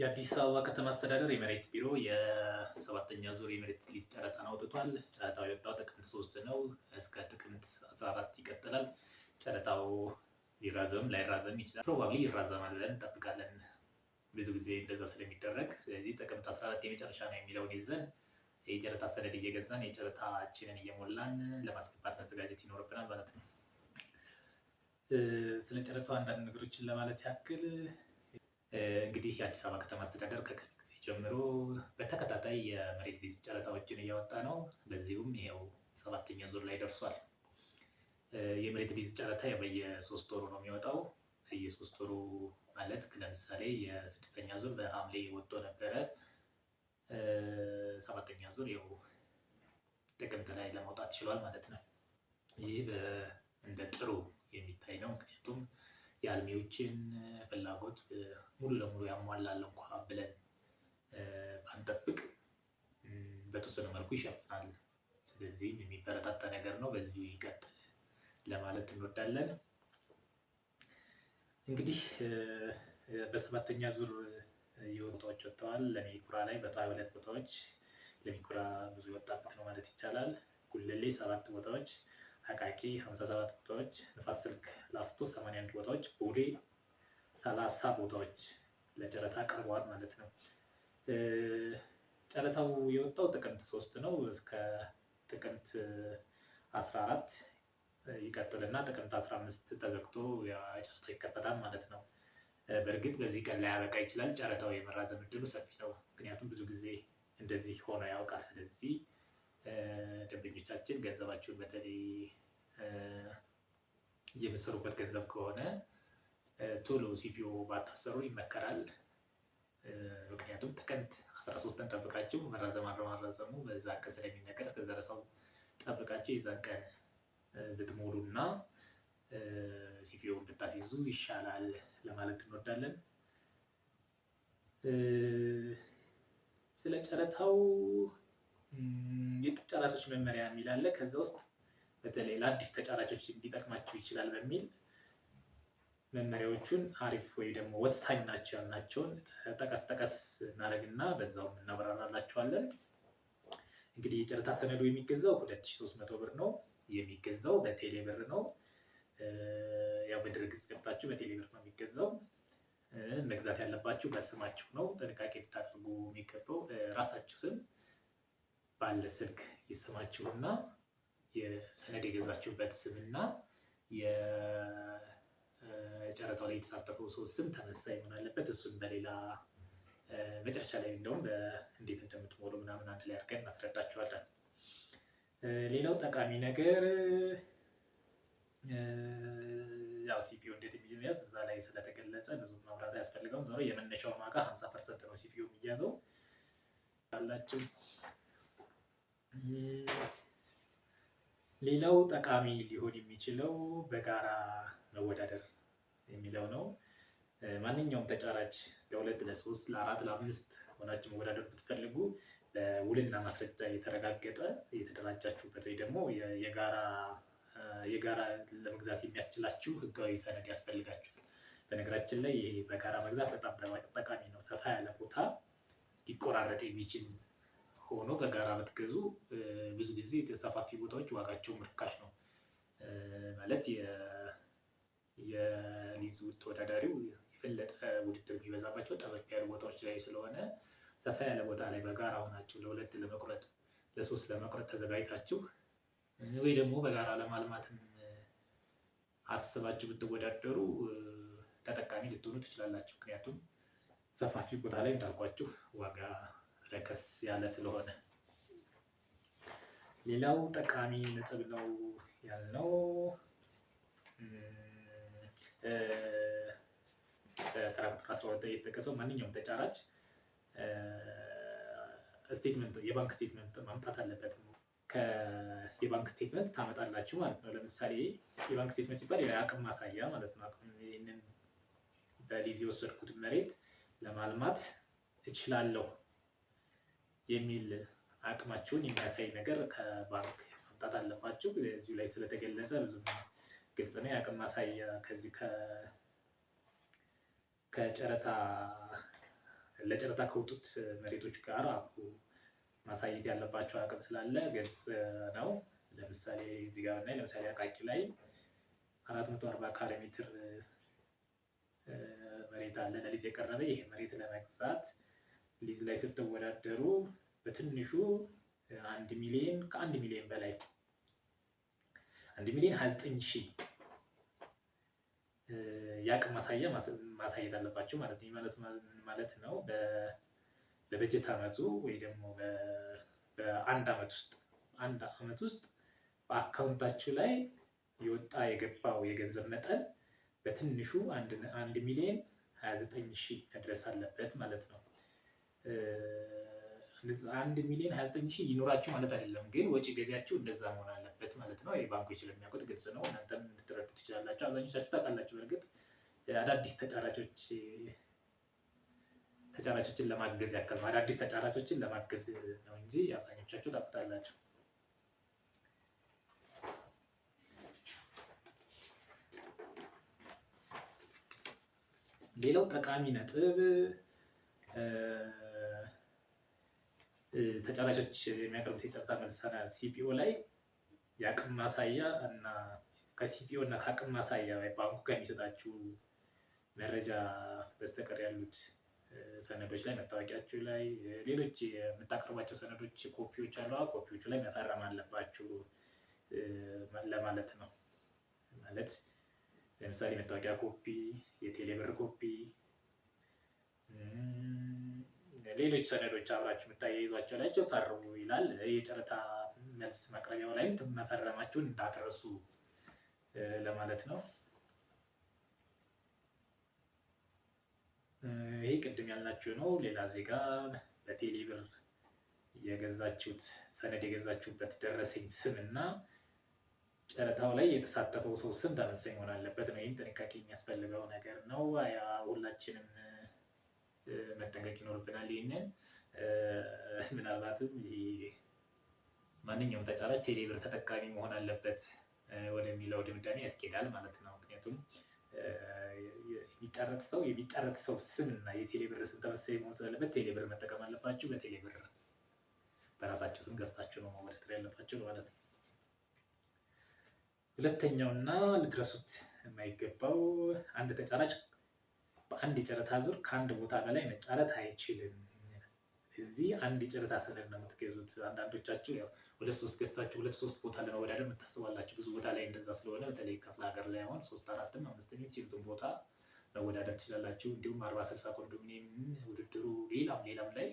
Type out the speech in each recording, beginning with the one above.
የአዲስ አበባ ከተማ አስተዳደር የመሬት ቢሮ የሰባተኛ ዙር የመሬት ሊዝ ጨረታን አውጥቷል። ጨረታው የወጣው ጥቅምት ሶስት ነው። እስከ ጥቅምት 14 ይቀጥላል። ጨረታው ሊራዘም ላይራዘም ይችላል። ፕሮባብሊ ይራዘማል ብለን እንጠብቃለን። ብዙ ጊዜ እንደዛ ስለሚደረግ ስለዚህ ጥቅምት አራት የመጨረሻ ነው የሚለውን ይዘን የጨረታ ሰነድ እየገዛን የጨረታችንን እየሞላን ለማስገባት መዘጋጀት ይኖርብናል ማለት ነው። ስለ ጨረታው አንዳንድ ነገሮችን ለማለት ያክል እንግዲህ የአዲስ አበባ ከተማ አስተዳደር ከቅርብ ጊዜ ጀምሮ በተከታታይ የመሬት ሊዝ ጨረታዎችን እያወጣ ነው። በዚሁም ይኸው ሰባተኛ ዙር ላይ ደርሷል። የመሬት ሊዝ ጨረታ በየሶስት ወሩ ነው የሚወጣው። በየሶስት ወሩ ማለት ለምሳሌ የስድስተኛ ዙር በሐምሌ ወጥቶ ነበረ። ሰባተኛ ዙር ይኸው ጥቅምት ላይ ለማውጣት ችሏል ማለት ነው። ይህ እንደ ጥሩ የሚታይ ነው። ምክንያቱም የአልሚዎችን ፍላጎት ሙሉ ለሙሉ ያሟላል እንኳ ብለን ባንጠብቅ በተወሰነ መልኩ ይሸፍናል። ስለዚህ የሚበረታታ ነገር ነው። በዚሁ ይቀጥል ለማለት እንወዳለን። እንግዲህ በሰባተኛ ዙር የወጣዎች ወጥተዋል። ለሚኩራ ላይ በጠዋይ ሁለት ቦታዎች ለሚኩራ ብዙ ወጣበት ነው ማለት ይቻላል። ጉለሌ ሰባት ቦታዎች አቃቂ 57 ቦታዎች፣ ንፋስ ስልክ ላፍቶ 81 ቦታዎች፣ ቦሌ 30 ቦታዎች ለጨረታ ቀርበዋል ማለት ነው። ጨረታው የወጣው ጥቅምት 3 ነው። እስከ ጥቅምት 14 ይቀጥልና ጥቅምት 15 ተዘግቶ ጨረታው ይከፈታል ማለት ነው። በእርግጥ በዚህ ቀን ላይ ያበቃ ይችላል። ጨረታው የመራዘም እድሉ ሰፊ ነው። ምክንያቱም ብዙ ጊዜ እንደዚህ ሆኖ ያውቃል። ስለዚህ ደንበኞቻችን ገንዘባችሁን በተለይ የምትሰሩበት ገንዘብ ከሆነ ቶሎ ሲፒዮ ባታሰሩ ይመከራል። ምክንያቱም ጥቅምት 13 ቀን ጠብቃችሁ መራዘም አለማራዘሙ በዛ ቀን ስለሚነገር እስከ ዘረሰው ጠብቃችሁ የዛን ቀን ብትሞሉ እና ሲፒኦን ብታስይዙ ይሻላል ለማለት እንወዳለን። ስለ ጨረታው የተጫራቾች መመሪያ የሚል አለ። ከዛ ውስጥ በተለይ ለአዲስ ተጫራቾች እንዲጠቅማቸው ይችላል በሚል መመሪያዎቹን አሪፍ ወይ ደግሞ ወሳኝ ናቸው ያልናቸውን ጠቀስ ጠቀስ እናደርግና በዛው እናብራራላቸዋለን። እንግዲህ የጨረታ ሰነዱ የሚገዛው 2300 ብር ነው የሚገዛው በቴሌ ብር ነው። ያው በድረ ገጽ ገብታችሁ በቴሌ ብር ነው የሚገዛው። መግዛት ያለባችሁ በስማችሁ ነው። ጥንቃቄ ልታደርጉ የሚገባው ራሳችሁ ስም ባለ ስልክ የስማችሁና የሰነድ የገዛችሁበት ስምና የጨረታው ላይ የተሳተፈው ሰው ስም ተመሳሳይ መሆን አለበት። እሱን በሌላ መጨረሻ ላይ እንደውም እንዴት እንደምትሞሉ ምናምን አንድ ላይ አድርገን እናስረዳችኋለን። ሌላው ጠቃሚ ነገር ያው ሲፒዩ እንዴት የሚያዝ እዛ ላይ ስለተገለጸ ብዙ ማብራሪያ አያስፈልገውም። ዞሮ የመነሻው ዋጋ ሀምሳ ፐርሰንት ነው ሲፒዩ የሚያዘው አላችሁ ሌላው ጠቃሚ ሊሆን የሚችለው በጋራ መወዳደር የሚለው ነው። ማንኛውም ተጫራች ለሁለት፣ ለሶስት፣ ለአራት፣ ለአምስት ሆናችሁ መወዳደር ብትፈልጉ በውልና ማስረጃ የተረጋገጠ የተደራጃችሁበት ወይ ደግሞ የጋራ የጋራ ለመግዛት የሚያስችላችሁ ህጋዊ ሰነድ ያስፈልጋችሁ። በነገራችን ላይ ይሄ በጋራ መግዛት በጣም ጠቃሚ ነው። ሰፋ ያለ ቦታ ሊቆራረጥ የሚችል ሆኖ በጋራ ብትገዙ ብዙ ጊዜ ሰፋፊ ቦታዎች ዋጋቸው ምርካሽ ነው። ማለት የሊዝ ተወዳዳሪው የበለጠ ውድድር የሚበዛባቸው ጠበቅ ያሉ ቦታዎች ላይ ስለሆነ ሰፋ ያለ ቦታ ላይ በጋራ ሆናችሁ ለሁለት ለመቁረጥ ለሶስት ለመቁረጥ ተዘጋጅታችሁ ወይ ደግሞ በጋራ ለማልማትም አስባችሁ ብትወዳደሩ ተጠቃሚ ልትሆኑ ትችላላችሁ። ምክንያቱም ሰፋፊ ቦታ ላይ እንዳልኳችሁ ዋጋ ረከስ ያለ ስለሆነ ሌላው ጠቃሚ ነጥብ ነው ያልነው ተራ ቁጥር 12 የተጠቀሰው ማንኛውም ተጫራች ስቴትመንት የባንክ ስቴትመንት ማምጣት አለበት። የባንክ ስቴትመንት ታመጣላችሁ ማለት ነው። ለምሳሌ የባንክ ስቴትመንት ሲባል የአቅም ማሳያ ማለት ነው። ይህንን በሊዝ የወሰድኩት መሬት ለማልማት እችላለሁ የሚል አቅማችሁን የሚያሳይ ነገር ከባንክ መምጣት አለባችሁ። እዚሁ ላይ ስለተገለጸ ብዙ ግልጽ ነው። የአቅም ማሳያ ከዚህ ከጨረታ ለጨረታ ከወጡት መሬቶች ጋር አብሮ ማሳየት ያለባቸው አቅም ስላለ ግልጽ ነው። ለምሳሌ እዚህ ጋር ላይ ለምሳሌ አቃቂ ላይ አራት መቶ አርባ ካሬ ሜትር መሬት አለ ለሊዝ የቀረበ ይሄ መሬት ለመግዛት ሊዝ ላይ ስትወዳደሩ በትንሹ አንድ ሚሊዮን ከአንድ ሚሊዮን በላይ አንድ ሚሊዮን ሀያ ዘጠኝ ሺህ የአቅም ማሳያ ማሳየት አለባቸው ማለት ነው ማለት ነው። በበጀት አመቱ ወይ ደግሞ በአንድ አመት ውስጥ አንድ አመት ውስጥ በአካውንታችሁ ላይ የወጣ የገባው የገንዘብ መጠን በትንሹ አንድ ሚሊዮን ሀያ ዘጠኝ ሺህ መድረስ አለበት ማለት ነው። አንድ ሚሊዮን 2ዘጠኝ ሺህ ይኖራችሁ ማለት አይደለም፣ ግን ወጪ ገቢያችሁ እንደዛ መሆን አለበት ማለት ነው። ባንኮች ስለሚያውቁት ግልጽ ነው። እናንተም ልትረዱ ትችላላችሁ። አብዛኞቻችሁ ታውቃላችሁ። በእርግጥ አዳዲስ ተጫራቾች ተጫራቾችን ለማገዝ ያክል ነው። አዳዲስ ተጫራቾችን ለማገዝ ነው እንጂ አብዛኞቻችሁ ታውቁታላችሁ። ሌላው ጠቃሚ ነጥብ ተጫራቾች የሚያቀርቡት የጨረታ መሰናያ ሲፒኦ ላይ የአቅም ማሳያ እና ከሲፒኦ እና ከአቅም ማሳያ ባንኩ ከሚሰጣችሁ መረጃ በስተቀር ያሉት ሰነዶች ላይ መታወቂያችሁ ላይ ሌሎች የምታቀርቧቸው ሰነዶች ኮፒዎች አሉ። ኮፒዎቹ ላይ መፈረም አለባችሁ ለማለት ነው። ማለት ለምሳሌ መታወቂያ ኮፒ፣ የቴሌብር ኮፒ ሌሎች ሰነዶች አብራችሁ የምታያይዟቸው ላቸው ፈርሙ ይላል። የጨረታ መልስ መቅረቢያው ላይ መፈረማችሁን እንዳትረሱ ለማለት ነው። ይህ ቅድም ያልናችሁ ነው። ሌላ ዜጋ በቴሌብር ብር የገዛችሁት ሰነድ የገዛችሁበት ደረሰኝ ስም እና ጨረታው ላይ የተሳተፈው ሰው ስም ተመሳሳይ መሆን አለበት ነው። ይህም ጥንቃቄ የሚያስፈልገው ነገር ነው። ሁላችንም መጠንቀቅ ይኖርብናል። ይህንን ምናልባትም ማንኛውም ተጫራች ቴሌብር ተጠቃሚ መሆን አለበት ወደሚለው ድምዳሜ ያስኬዳል ማለት ነው። ምክንያቱም የሚጠረት ሰው የሚጠረት ሰው ስም እና የቴሌብር ስም ተመሳሳይ መሆን ስላለበት ቴሌብር መጠቀም አለባችሁ። በቴሌብር በራሳቸው ስም ገዝታችሁ ነው መወዳደር ያለባችሁ ማለት ነው። ሁለተኛውና ልትረሱት የማይገባው አንድ ተጫራች በአንድ የጨረታ ዙር ከአንድ ቦታ በላይ መጫረት አይችልም። እዚህ አንድ የጨረታ ሰነድ ነው የምትገዙት። አንዳንዶቻችሁ ያው ሁለት ሶስት ገዝታችሁ ሁለት ሶስት ቦታ ለመወዳደር የምታስባላችሁ ብዙ ቦታ ላይ እንደዛ ስለሆነ በተለይ ክፍለ ሀገር ላይ አሁን ሶስት አራትም አምስትም የምትችሉትን ቦታ መወዳደር ትችላላችሁ። እንዲሁም አርባ ስልሳ ኮንዶሚኒየም ውድድሩ ሌላም ሌላም ላይ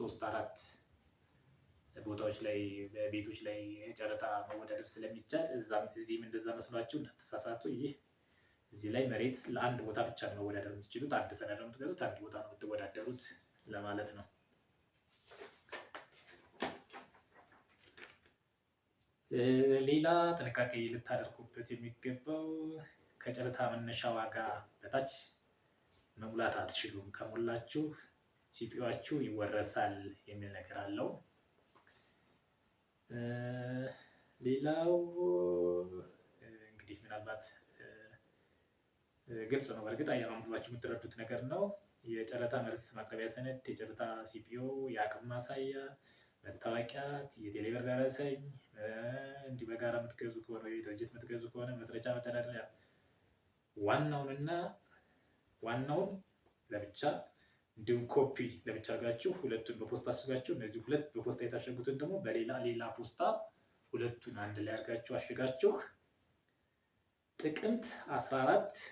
ሶስት አራት ቦታዎች ላይ ቤቶች ላይ ጨረታ መወዳደር ስለሚቻል እዚህም እንደዛ መስሏችሁ እንዳትሳሳቱ ይህ እዚህ ላይ መሬት ለአንድ ቦታ ብቻ ነው መወዳደር የምትችሉት። አንድ ሰነድ ነው የምትገዙት፣ አንድ ቦታ ነው የምትወዳደሩት ለማለት ነው። ሌላ ጥንቃቄ ልታደርጉበት የሚገባው ከጨረታ መነሻ ዋጋ በታች መሙላት አትችሉም። ከሞላችሁ ሲፒዋችሁ ይወረሳል የሚል ነገር አለው። ሌላው ግልጽ ነው። በእርግጥ አያማምዷችሁ የምትረዱት ነገር ነው። የጨረታ መልስ ማቅረቢያ ሰነድ፣ የጨረታ ሲፒዮ፣ የአቅም ማሳያ መታወቂያ፣ የቴሌብር ደረሰኝ፣ እንዲህ በጋራ የምትገዙ ከሆነ ድርጅት የምትገዙ ከሆነ መስረቻ መተዳደሪያ፣ ዋናውንና ዋናውን ለብቻ እንዲሁም ኮፒ ለብቻ አድርጋችሁ ሁለቱን በፖስታ አሽጋችሁ እነዚህ ሁለት በፖስታ የታሸጉትን ደግሞ በሌላ ሌላ ፖስታ ሁለቱን አንድ ላይ አድርጋችሁ አሽጋችሁ ጥቅምት 14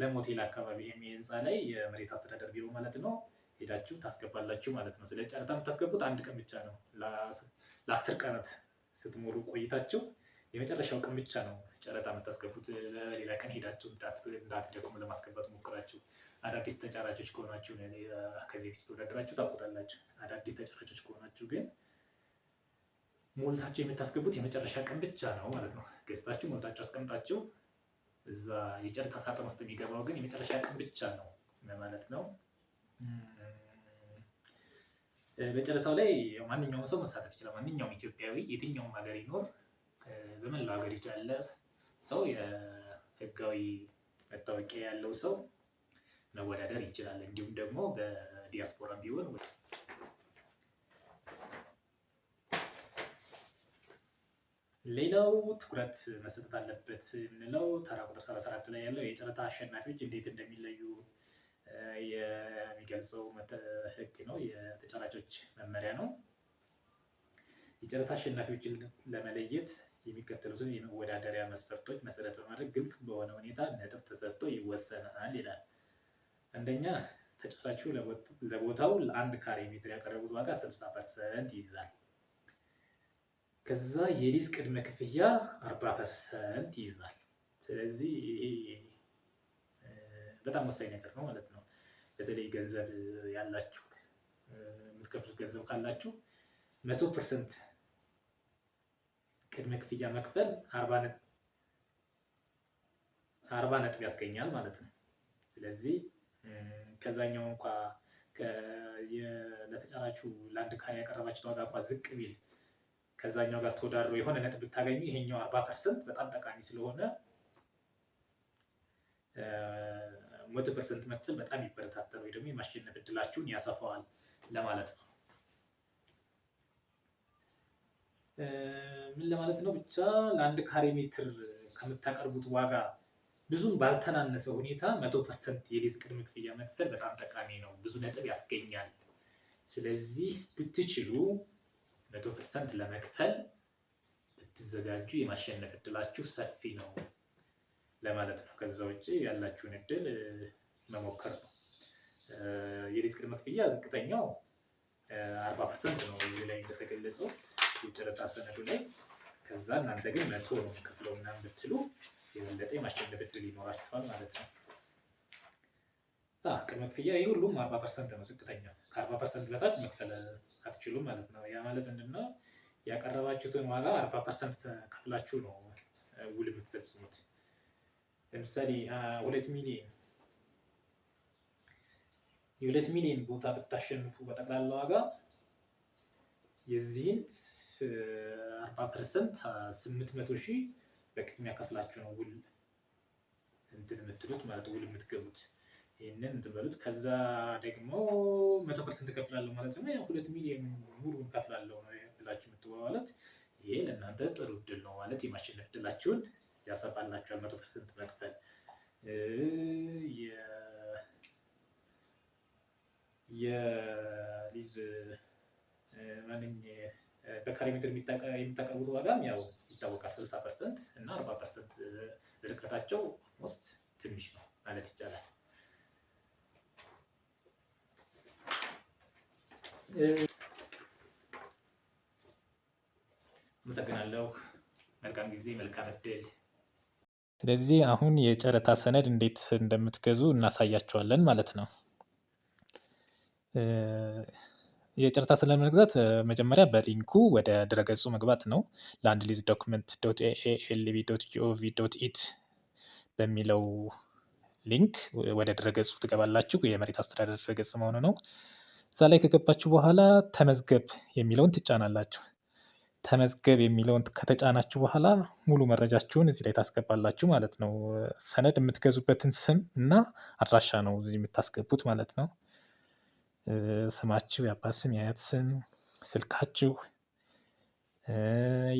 ለሞቴል አካባቢ የሚል ህንፃ ላይ የመሬት አስተዳደር ቢሮ ማለት ነው ሄዳችሁ ታስገባላችሁ ማለት ነው። ስለ ጨረታ የምታስገቡት አንድ ቀን ብቻ ነው። ለአስር ቀናት ስትሞሉ ቆይታችሁ የመጨረሻው ቀን ብቻ ነው ጨረታ የምታስገቡት። ለሌላ ቀን ሄዳችሁ እንዳትደክሙ ለማስገባት ሞክራችሁ። አዳዲስ ተጫራቾች ከሆናችሁ ከዚህ በፊት ተወዳደራችሁ ታውቁታላችሁ። አዳዲስ ተጫራቾች ከሆናችሁ ግን ሞልታችሁ የምታስገቡት የመጨረሻ ቀን ብቻ ነው ማለት ነው። ገዝታችሁ ሞልታችሁ አስቀምጣችሁ እዛ የጨርቃ ሳጥን ውስጥ የሚገባው ግን የመጨረሻ ቀን ብቻ ነው ማለት ነው። በጨረታው ላይ ማንኛውም ሰው መሳተፍ ይችላል። ማንኛውም ኢትዮጵያዊ የትኛውም ሀገር ይኖር በመላው ሀገሪቱ ያለ ሰው የህጋዊ መታወቂያ ያለው ሰው መወዳደር ይችላል። እንዲሁም ደግሞ በዲያስፖራ ቢሆን ሌላው ትኩረት መሰጠት አለበት የምንለው ተራ ቁጥር 34 ላይ ያለው የጨረታ አሸናፊዎች እንዴት እንደሚለዩ የሚገልጸው ህግ ነው፣ የተጫራቾች መመሪያ ነው። የጨረታ አሸናፊዎችን ለመለየት የሚከተሉትን የመወዳደሪያ መስፈርቶች መሰረት በማድረግ ግልጽ በሆነ ሁኔታ ነጥብ ተሰጥቶ ይወሰናል ይላል። አንደኛ ተጫራቹ ለቦታው ለአንድ ካሬ ሜትር ያቀረቡት ዋጋ 60 ፐርሰንት ይይዛል። ከዛ የሊዝ ቅድመ ክፍያ አርባ ፐርሰንት ይይዛል። ስለዚህ በጣም ወሳኝ ነገር ነው ማለት ነው። በተለይ ገንዘብ ያላችሁ የምትከፍሉት ገንዘብ ካላችሁ መቶ ፐርሰንት ቅድመ ክፍያ መክፈል አርባ ነጥብ ያስገኛል ማለት ነው። ስለዚህ ከዛኛው እንኳ ለተጫራችሁ ለአንድ ካሬ ያቀረባችሁ ዋጋ እንኳ ዝቅ ቢል ከዛኛው ጋር ተወዳድሮ የሆነ ነጥብ ብታገኙ ይሄኛው አርባ ፐርሰንት በጣም ጠቃሚ ስለሆነ መቶ ፐርሰንት መክፈል በጣም ይበረታተል ወይ ደግሞ የማሸነፍ እድላችሁን ያሰፋዋል ለማለት ነው። ምን ለማለት ነው? ብቻ ለአንድ ካሬ ሜትር ከምታቀርቡት ዋጋ ብዙም ባልተናነሰ ሁኔታ መቶ ፐርሰንት የሊዝ ቅድመ ክፍያ መክፈል በጣም ጠቃሚ ነው፣ ብዙ ነጥብ ያስገኛል። ስለዚህ ብትችሉ መቶ ፐርሰንት ለመክፈል ብትዘጋጁ የማሸነፍ እድላችሁ ሰፊ ነው ለማለት ነው። ከዛ ውጭ ያላችሁን እድል መሞከር ነው። የቤት ቅድመ ክፍያ ዝቅተኛው አርባ ፐርሰንት ነው እዚህ ላይ እንደተገለጸው የጨረታ ሰነዱ ላይ። ከዛ እናንተ ግን መቶ ነው ክፍለው ምናምን ብትሉ የበለጠ የማሸነፍ እድል ይኖራችኋል ማለት ነው። ቅድመ ክፍያ ይህ ሁሉም አርባ ፐርሰንት ነው። ዝቅተኛ ከአርባ ፐርሰንት በታች መክፈል አትችሉም ማለት ነው። ያ ማለት ምንድነው? ያቀረባችሁትን ዋጋ አርባ ፐርሰንት ከፍላችሁ ነው ውል የምትፈጽሙት። ለምሳሌ ሁለት ሚሊዮን የሁለት ሚሊዮን ቦታ ብታሸንፉ በጠቅላላ ዋጋ የዚህን አርባ ፐርሰንት ስምንት መቶ ሺህ በቅድሚያ ከፍላችሁ ነው ውል እንትን የምትሉት ማለት ውል የምትገቡት ይህንን እንትበሉት ከዛ ደግሞ መቶ ፐርሰንት እከፍላለሁ ማለት ነው። ሁለት ሚሊዮን ሙሉ እከፍላለሁ ብላችሁ የምትወ ማለት ይሄ ለእናንተ ጥሩ እድል ነው ማለት የማሸነፍ እድላችሁን ያሰፋላችኋል። መቶ ፐርሰንት መክፈል የሊዝ ማንኝ በካሬ ሜትር የሚታቀቡት ዋጋም ያው ይታወቃል። ስልሳ ፐርሰንት እና አርባ ፐርሰንት ርቀታቸው ሞስት ትንሽ ነው ማለት ይቻላል። አመሰግናለሁ። መልካም ጊዜ፣ መልካም እድል። ስለዚህ አሁን የጨረታ ሰነድ እንዴት እንደምትገዙ እናሳያቸዋለን ማለት ነው። የጨረታ ሰነድ መግዛት መጀመሪያ በሊንኩ ወደ ድረገጹ መግባት ነው። ላንድ ሊዝ ዶክመንት ዶት ኤኤልቢ ዶት ጂኦቪ ዶት ኢት በሚለው ሊንክ ወደ ድረገጹ ትገባላችሁ። የመሬት አስተዳደር ድረገጽ መሆኑ ነው። እዛ ላይ ከገባችሁ በኋላ ተመዝገብ የሚለውን ትጫናላችሁ። ተመዝገብ የሚለውን ከተጫናችሁ በኋላ ሙሉ መረጃችሁን እዚህ ላይ ታስገባላችሁ ማለት ነው። ሰነድ የምትገዙበትን ስም እና አድራሻ ነው እዚህ የምታስገቡት ማለት ነው። ስማችሁ፣ የአባት ስም፣ የአያት ስም፣ ስልካችሁ፣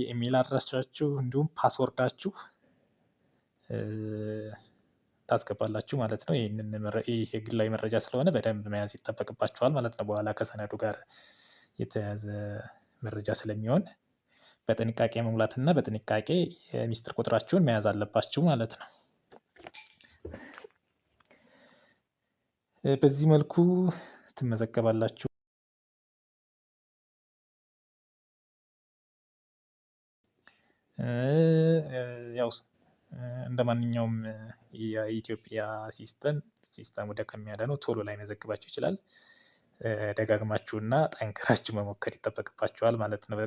የኢሜል አድራሻችሁ እንዲሁም ፓስወርዳችሁ ታስገባላችሁ ማለት ነው። ይህ የግላዊ መረጃ ስለሆነ በደንብ መያዝ ይጠበቅባችኋል ማለት ነው። በኋላ ከሰነዱ ጋር የተያዘ መረጃ ስለሚሆን በጥንቃቄ መሙላትና በጥንቃቄ የሚስጥር ቁጥራችሁን መያዝ አለባችሁ ማለት ነው። በዚህ መልኩ ትመዘገባላችሁ። ያው እንደ ማንኛውም የኢትዮጵያ ሲስተም ሲስተሙ ደከም ያለ ነው፣ ቶሎ ላይመዘግባችሁ ይችላል። ደጋግማችሁና ጠንክራችሁ መሞከር ይጠበቅባችኋል ማለት ነው።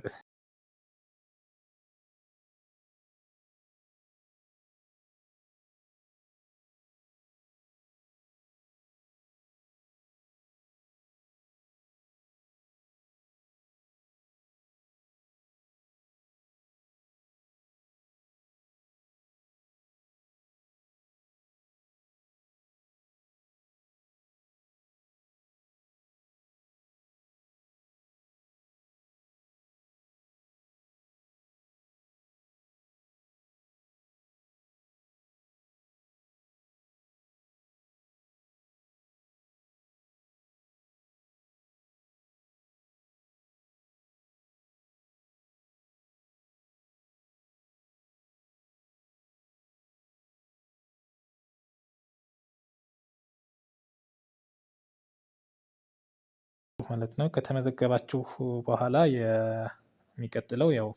ማለት ነው። ከተመዘገባችሁ በኋላ የሚቀጥለው ያው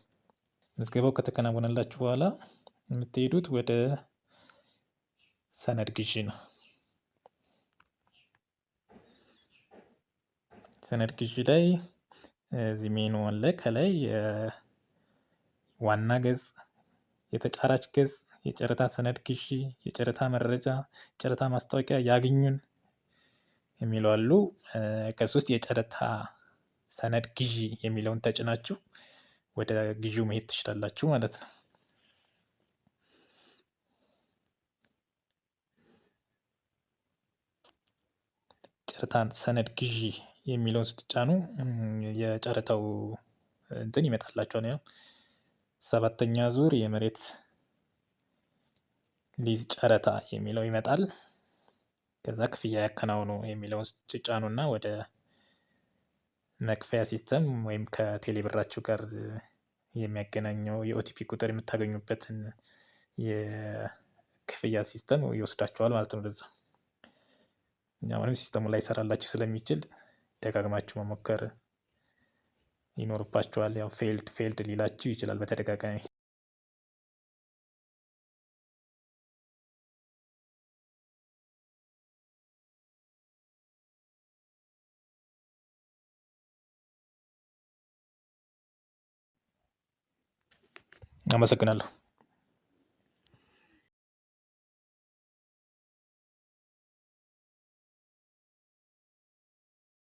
ምዝገባው ከተከናወነላችሁ በኋላ የምትሄዱት ወደ ሰነድ ግዢ ነው። ሰነድ ግዢ ላይ እዚህ ሜኑ አለ። ከላይ ዋና ገጽ፣ የተጫራች ገጽ፣ የጨረታ ሰነድ ግዢ፣ የጨረታ መረጃ፣ የጨረታ ማስታወቂያ ያግኙን የሚሉ አሉ። ከዚህ ውስጥ የጨረታ ሰነድ ግዢ የሚለውን ተጭናችሁ ወደ ግዢው መሄድ ትችላላችሁ ማለት ነው። ጨረታ ሰነድ ግዢ የሚለውን ስትጫኑ የጨረታው እንትን ይመጣላቸዋል። ያው ሰባተኛ ዙር የመሬት ሊዝ ጨረታ የሚለው ይመጣል። ከዛ ክፍያ ያከናውኑ የሚለውን እና ወደ መክፈያ ሲስተም ወይም ከቴሌብራችሁ ጋር የሚያገናኘው የኦቲፒ ቁጥር የምታገኙበትን የክፍያ ሲስተም ይወስዳችኋል ማለት ነው። ለዛ አሁንም ሲስተሙ ላይ ይሰራላችሁ ስለሚችል ደጋግማችሁ መሞከር ይኖርባችኋል። ያው ፌልድ ፌልድ ሊላችሁ ይችላል በተደጋጋሚ Vamos a sacarlo.